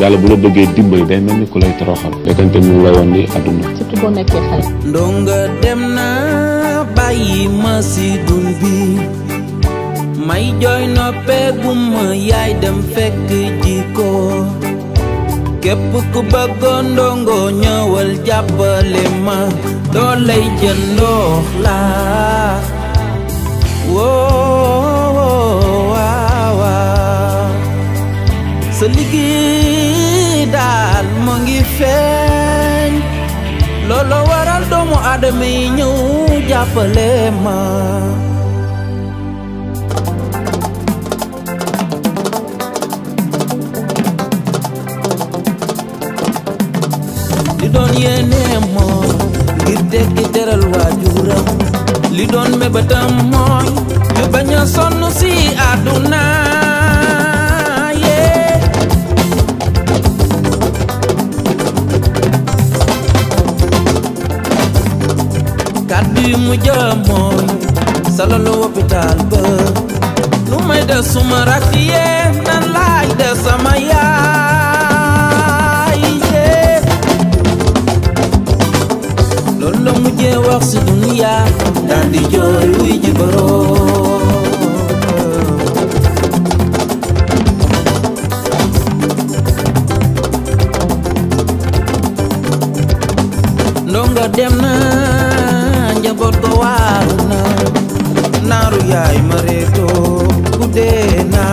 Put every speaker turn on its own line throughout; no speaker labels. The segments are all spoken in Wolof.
yàlla bu la bëggee dimbali day mel ni ku lay toroxal fekkante mu la woon ni àdduna surtout boo nekkee xale ndonga dem na bàyyi ma si dun bi may jooy noppeegu ma yaay dem fekk ji ko képp ku bëggoon ndongo ñëwal jàppale ma doo lay jëndoox la woo Lolo loolo waral doomu aadama yi ñëw jàppale ma li doon yéeneem mooy ngir tekki teral waajuram li doon mooy ñu bañ a sonn si ji mu jëmoon salalu hopital ba nu may des suma rakiye nan lay des sama yaay yee loolu la wax si dunia dan di joy wi ji boro ndongo njaboot ga waaru na naaru yaay ma reetoo na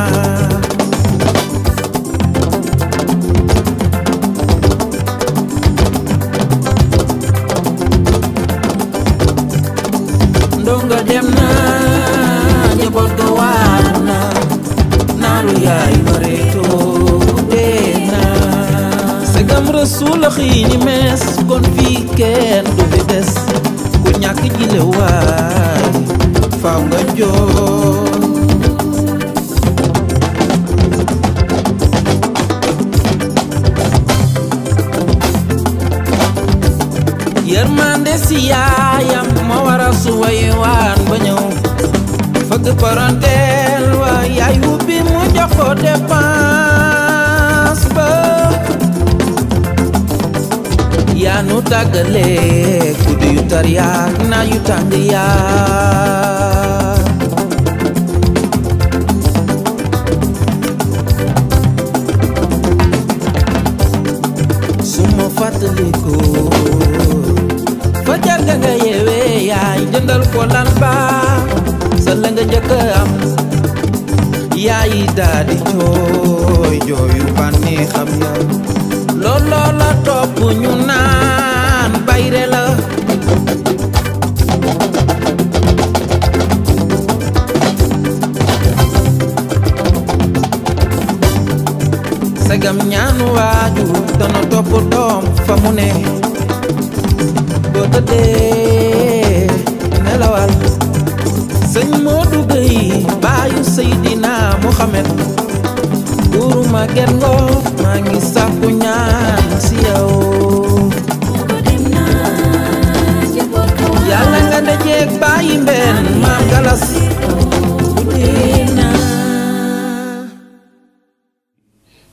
njaboot ga rasuul a xiini mees kon fii te waay faaw nga joor yërmande si yaayam ma wara su waywaan ba ñëw fëgg paranteel wa yaay ku di teriak Nayutan dia sumo fateliku Fajar gaga yewe ya Jendal ko ba Selengga jaka am Ya ida di coy Joyu pani am ya Lolo la ndegam ñaanu waajur dana topp doom fa mu ne boo tëddee nelawal sëñ Modou Gueye baayu Seydina Mohamed buuru ma ger ngoo maa ngi sàkku ñaan si yow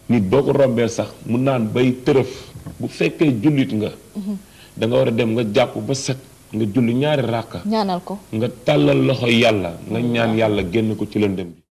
nit boo ko rombeel sax mu naan bay tërëf bu fekkee jullit nga mhm. danga war a dem nga jàpp ba set nga julli ñaari ràkka ñaanal ko nga tàllal loxo yàlla nga mhm. ñaan yàlla génn ko ci lëndëm bi